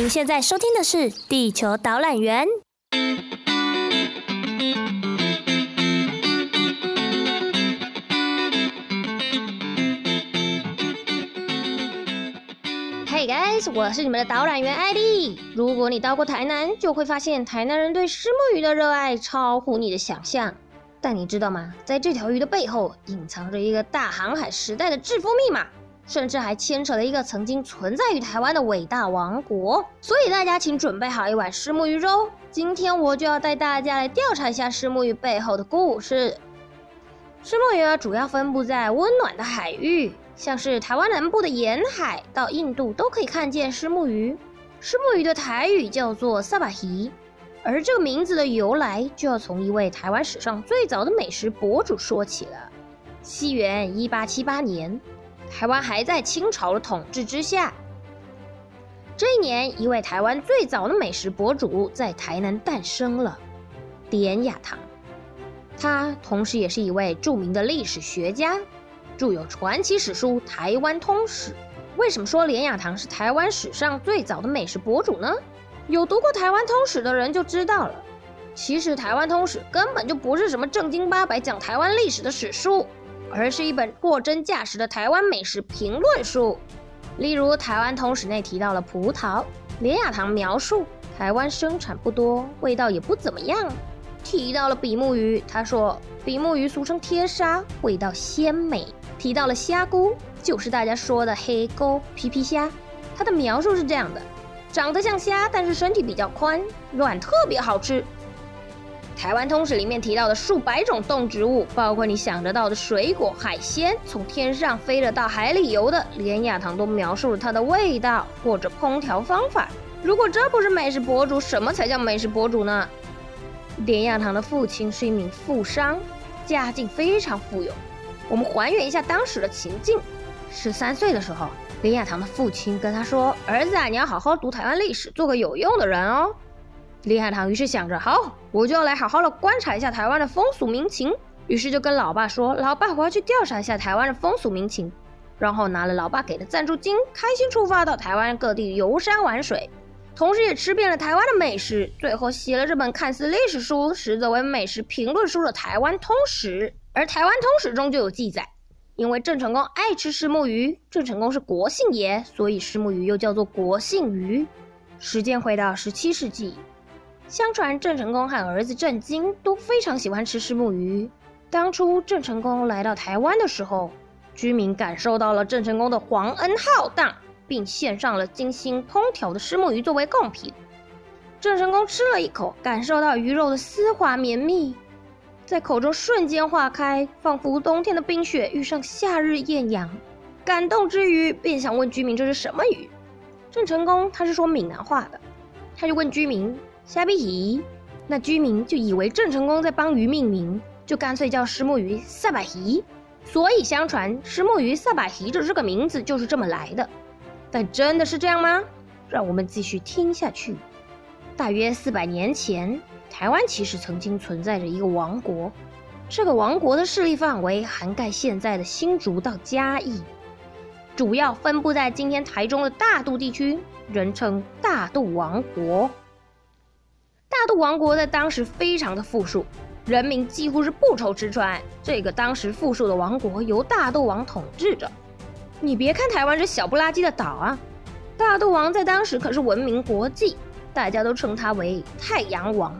您現在收聽的是《地球導覽員》。Hey guys，我是你們的導覽員艾莉。如果你到過台南，就會發現台南人對虱目魚的熱愛超乎你的想象。但你知道嗎？在這條魚的背後，隱藏着一個大航海時代的致富密碼。甚至還牽扯了一個曾經存在於台灣的偉大王國，所以大家請準備好一碗虱目魚粥。今天我就要帶大家來調查一下虱目魚背後的故事。虱目魚主要分布在溫暖的海域，像是台灣南部的沿海到印度都可以看見虱目魚。虱目魚的台語叫做“薩巴皮”，而這個名字的由來就要從一位台灣史上最早的美食博主說起了。西元一八七八年。台灣還在清朝的統治之下。這一年，一位台灣最早的美食博主在台南誕生了——連雅堂。他同時也是一位著名的歷史學家，著有傳奇史書《台灣通史》。為什麼說連雅堂是台灣史上最早的美食博主呢？有讀過《台灣通史》的人就知道了。其實，《台灣通史》根本就不是什麼正經八百講台灣歷史的史書。而是一本貨真價實的台灣美食評論書。例如，台灣通史內提到了葡萄，連雅堂描述台灣生產不多，味道也不怎麼樣。提到了比目魚，他說比目魚俗稱貼沙，味道鮮美。提到了蝦蛄，就是大家說的黑溝皮皮蝦，他的描述是這樣的：長得像蝦，但是身體比較寬，卵特別好吃。台灣通史裡面提到的數百種動植物，包括你想得到的水果、海鮮，從天上飛的到海裡游的，連雅堂都描述了它的味道或者烹調方法。如果這不是美食博主，什麼才叫美食博主呢？連雅堂的父親是一名富商，家境非常富有。我們還原一下當時的情境：十三歲的時候，連雅堂的父親跟他說：“兒子啊，你要好好讀台灣歷史，做個有用的人哦。”李海棠於是想着，好，我就要來好好的觀察一下台灣的風俗民情。於是就跟老爸說：“老爸，我要去調查一下台灣的風俗民情。”然後拿了老爸給的贊助金，開心出發到台灣各地遊山玩水，同時也吃遍了台灣的美食。最後寫了這本看似歷史書，實則為美食評論書的《台灣通史》。而《台灣通史》中就有記載，因為鄭成功愛吃虱目魚，鄭成功是國姓爺，所以虱目魚又叫做國姓魚。時間回到十七世紀。相傳鄭成功和兒子鄭經都非常喜歡吃虱目魚。當初鄭成功來到台灣的時候，居民感受到了鄭成功的皇恩浩蕩，並獻上了精心烹調的虱目魚作為貢品。鄭成功吃了一口，感受到魚肉的絲滑綿密，在口中瞬間化開，仿佛冬天的冰雪遇上夏日豔陽。感動之餘，便想問居民這是什麼魚。鄭成功他是說閩南話的，他就問居民。蝦皮比比，那居民就以為鄭成功在幫魚命名，就乾脆叫虱目魚“薩把皮”，所以相傳虱目魚“薩把皮”的這個名字就是這麼來的。但真的是這樣嗎？讓我們繼續聽下去。大約四百年前，台灣其實曾經存在着一個王國，這個王國的勢力範圍涵蓋現在的新竹到嘉義，主要分布在今天台中的大肚地區，人稱大肚王國。大渡王國在當時非常的富庶，人民幾乎是不愁吃穿。這個當時富庶的王國由大肚王統治着。你別看台灣是小不拉幾的島啊，大肚王在當時可是聞名國際，大家都稱他為太陽王。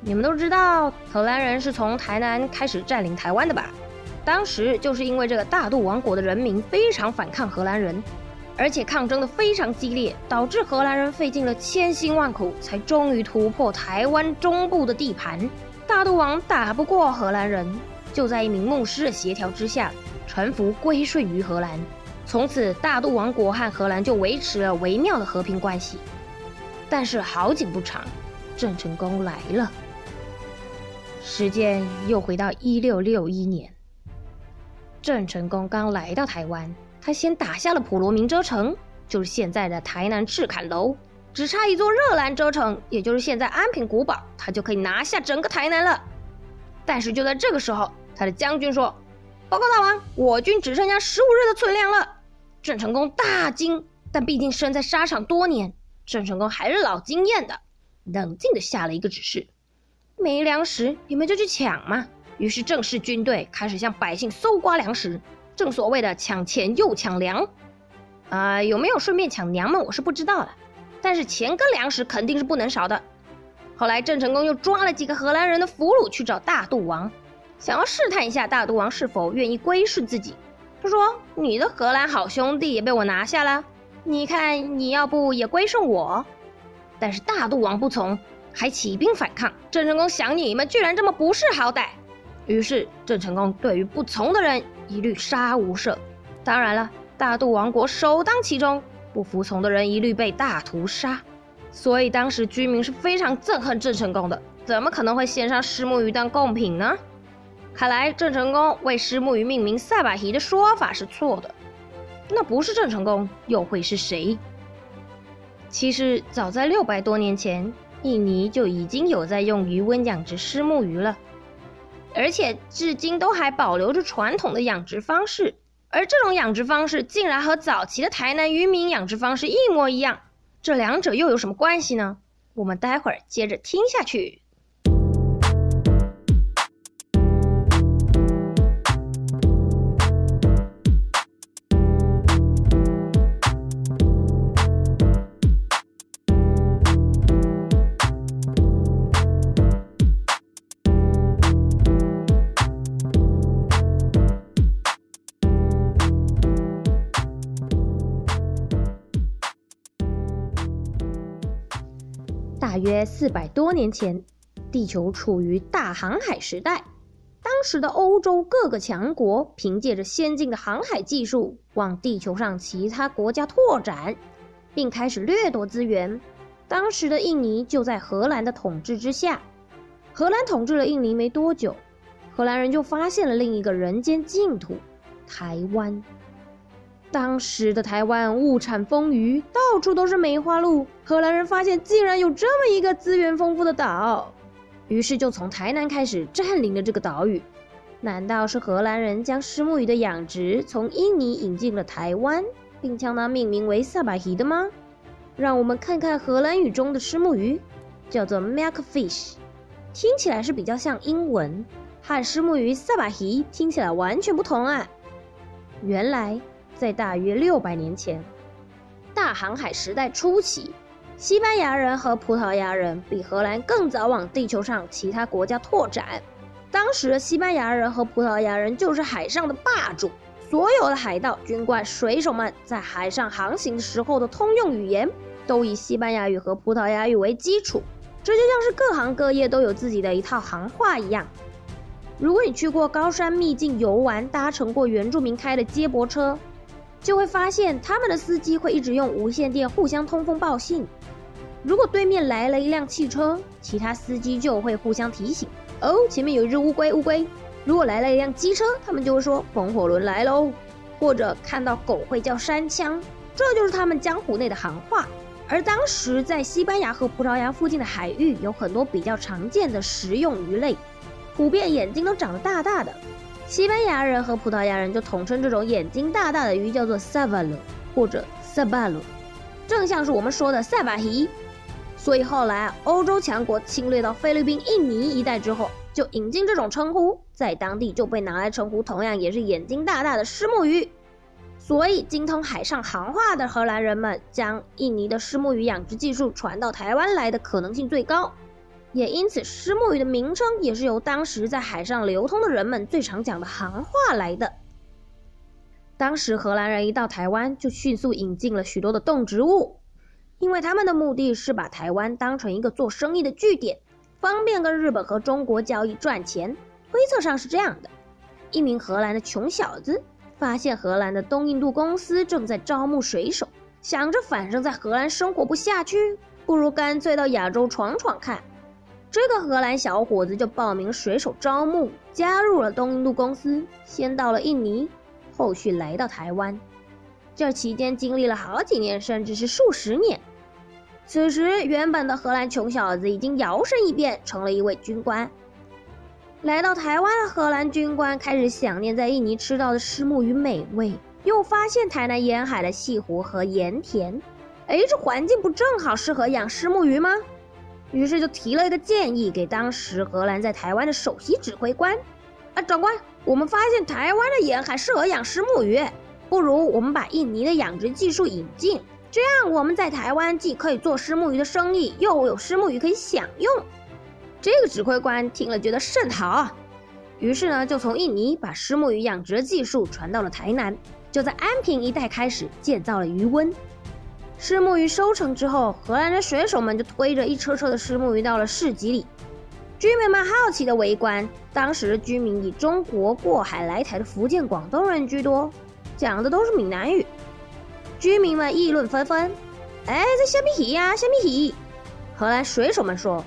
你們都知道荷蘭人是從台南開始占領台灣的吧？當時就是因為這個大渡王國的人民非常反抗荷蘭人。而且抗爭的非常激烈，導致荷蘭人費盡了千辛萬苦，才終於突破台灣中部的地盤。大肚王打不過荷蘭人，就在一名牧師的協調之下，臣服歸順於荷蘭。從此，大肚王國和荷蘭就維持了微妙的和平關係。但是好景不長，鄭成功來了。時間又回到一六六一年，鄭成功剛來到台灣。他先打下了普羅民遮城，就是現在的台南赤崁樓，只差一座熱蘭遮城，也就是現在安平古堡，他就可以拿下整個台南了。但是就在這個時候，他的將軍說：“報告大王，我軍只剩下十五日的存糧了。”鄭成功大驚，但畢竟身在沙場多年，鄭成功還是老經驗的，冷靜地下了一個指示：“沒糧食，你們就去搶嘛。”於是鄭氏軍隊開始向百姓搜刮糧食。正所謂的搶錢又搶糧，啊、呃，有沒有順便搶娘們，我是不知道的，但是錢跟糧食肯定是不能少的。後來鄭成功又抓了幾個荷蘭人的俘虜去找大肚王，想要試探一下大肚王是否願意歸順自己。他說：“你的荷蘭好兄弟也被我拿下了，你看你要不也歸順我？”但是大肚王不從，還起兵反抗。鄭成功想：你們居然這麼不識好歹。於是鄭成功對於不從的人。一律殺無赦。當然了，大肚王國首當其衝，不服從的人一律被大屠殺。所以當時居民是非常憎恨鄭成功的，怎麼可能會獻上虱目魚當貢品呢？看來鄭成功為虱目魚命名“塞瓦提”的說法是錯的。那不是鄭成功，又會是誰？其實早在六百多年前，印尼就已經有在用魚塭養殖虱目魚了。而且至今都還保留着傳統的養殖方式，而這種養殖方式竟然和早期的台南漁民養殖方式一模一樣，這兩者又有什麼關係呢？我們待會兒接着聽下去。約四百多年前，地球處於大航海時代。當時的歐洲各個強國憑借着先進的航海技術，往地球上其他國家拓展，並開始掠奪資源。當時的印尼就在荷蘭的統治之下。荷蘭統治了印尼沒多久，荷蘭人就發現了另一個人間淨土——台灣。當時的台灣物產豐腴，到處都是梅花鹿。荷蘭人發現竟然有這麼一個資源豐富的島，於是就從台南開始佔領了這個島嶼。難道是荷蘭人將虱目魚的養殖從印尼引進了台灣，並將它命名為薩巴魚的嗎？讓我們看看荷蘭語中的虱目魚，叫做 Milkfish，聽起來是比較像英文，和虱目魚薩巴魚聽起來完全不同啊。原來。在大約六百年前，大航海時代初期，西班牙人和葡萄牙人比荷蘭更早往地球上其他國家拓展。當時，西班牙人和葡萄牙人就是海上的霸主，所有的海盜、軍官、水手們在海上航行的時候的通用語言都以西班牙語和葡萄牙語為基礎。這就像是各行各業都有自己的一套行話一樣。如果你去過高山祕境遊玩，搭乘過原住民開的接駁車。就會發現，他們的司機會一直用無線電互相通風報信。如果對面來了一輛汽車，其他司機就會互相提醒：“哦，前面有一隻烏龜，烏龜。”如果來了一輛機車，他們就會說：“風火輪來嘍！”或者看到狗會叫“山槍”，這就是他們江湖內的行話。而當時在西班牙和葡萄牙附近的海域，有很多比較常見的食用魚類，普遍眼睛都長得大大的。西班牙人和葡萄牙人就統稱這種眼睛大大的魚叫做 sabalo 或者 sabalo 正像是我們說的「sabahi」。所以後來歐洲強國侵略到菲律賓、印尼一帶之後，就引進這種稱呼，在當地就被拿來稱呼同樣也是眼睛大大的虱目魚。所以，精通海上行話的荷蘭人們將印尼的虱目魚養殖技術傳到台灣來的可能性最高。也因此，虱目魚的名稱也是由當時在海上流通的人們最常講的行話來的。當時荷蘭人一到台灣，就迅速引進了許多的動植物，因為他們的目的是把台灣當成一個做生意的據點，方便跟日本和中國交易賺錢。推測上是這樣的：一名荷蘭的窮小子發現荷蘭的東印度公司正在招募水手，想着反正在荷蘭生活不下去，不如乾脆到亞洲闖闖看。這個荷蘭小夥子就報名水手招募，加入了東印度公司，先到了印尼，後續來到台灣。這期間經歷了好幾年，甚至是數十年。此時，原本的荷蘭窮小子已經搖身一變，成了一位軍官。來到台灣的荷蘭軍官開始想念在印尼吃到的虱目魚美味，又發現台南沿海的潟湖和鹽田，哎，這環境不正好適合養虱目魚嗎？於是就提了一個建議給當時荷蘭在台灣的首席指揮官，啊，長官，我們發現台灣的沿海適合養虱目魚，不如我們把印尼的養殖技術引進，這樣我們在台灣既可以做虱目魚的生意，又有虱目魚可以享用。這個指揮官聽了覺得甚好，於是呢就從印尼把虱目魚養殖技術傳到了台南，就在安平一帶開始建造了魚塭。虱目魚收成之後，荷蘭的水手們就推着一車車的虱目魚到了市集裡，居民們好奇的圍觀。當時的居民以中國過海來台的福建、廣東人居多，講的都是閩南語，居民們議論紛紛：“哎，這蝦米魚呀、啊，蝦米魚！”荷蘭水手們說：“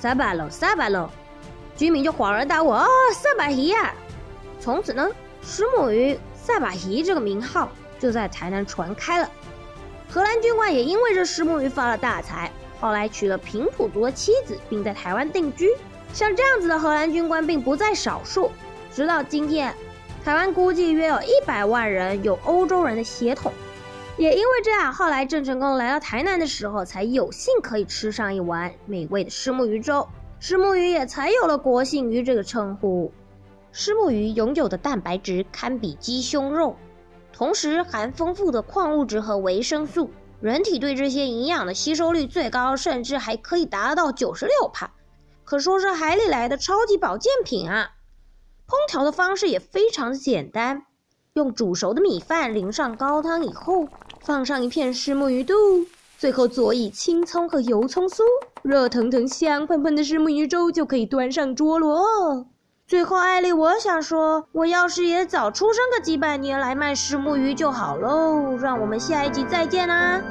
薩巴羅，薩巴羅。”居民就恍然大悟：“哦，薩巴魚呀！”從此呢，虱目魚“薩巴魚”這個名號就在台南傳開了。荷蘭軍官也因為這虱目魚發了大財，後來娶了平埔族的妻子，並在台灣定居。像這樣子的荷蘭軍官並不在少數。直到今天，台灣估計約有一百萬人有歐洲人的血統。也因為這樣，後來鄭成功來到台南的時候，才有幸可以吃上一碗美味的虱目魚粥。虱目魚也才有了“國姓魚”這個稱呼。虱目魚擁有的蛋白質堪比雞胸肉。同時含豐富的礦物質和維生素，人體對這些營養的吸收率最高，甚至還可以達到九十六趴，可說是海裡來的超級保健品啊！烹調的方式也非常的簡單，用煮熟的米飯淋上高湯以後，放上一片虱目魚肚，最後佐以青蔥和油蔥酥，熱騰騰、香噴噴的虱目魚粥就可以端上桌嘍。最後，艾莉，我想說，我要是也早出生個幾百年來賣虱目魚就好嘍。讓我們下一集再見啦、啊。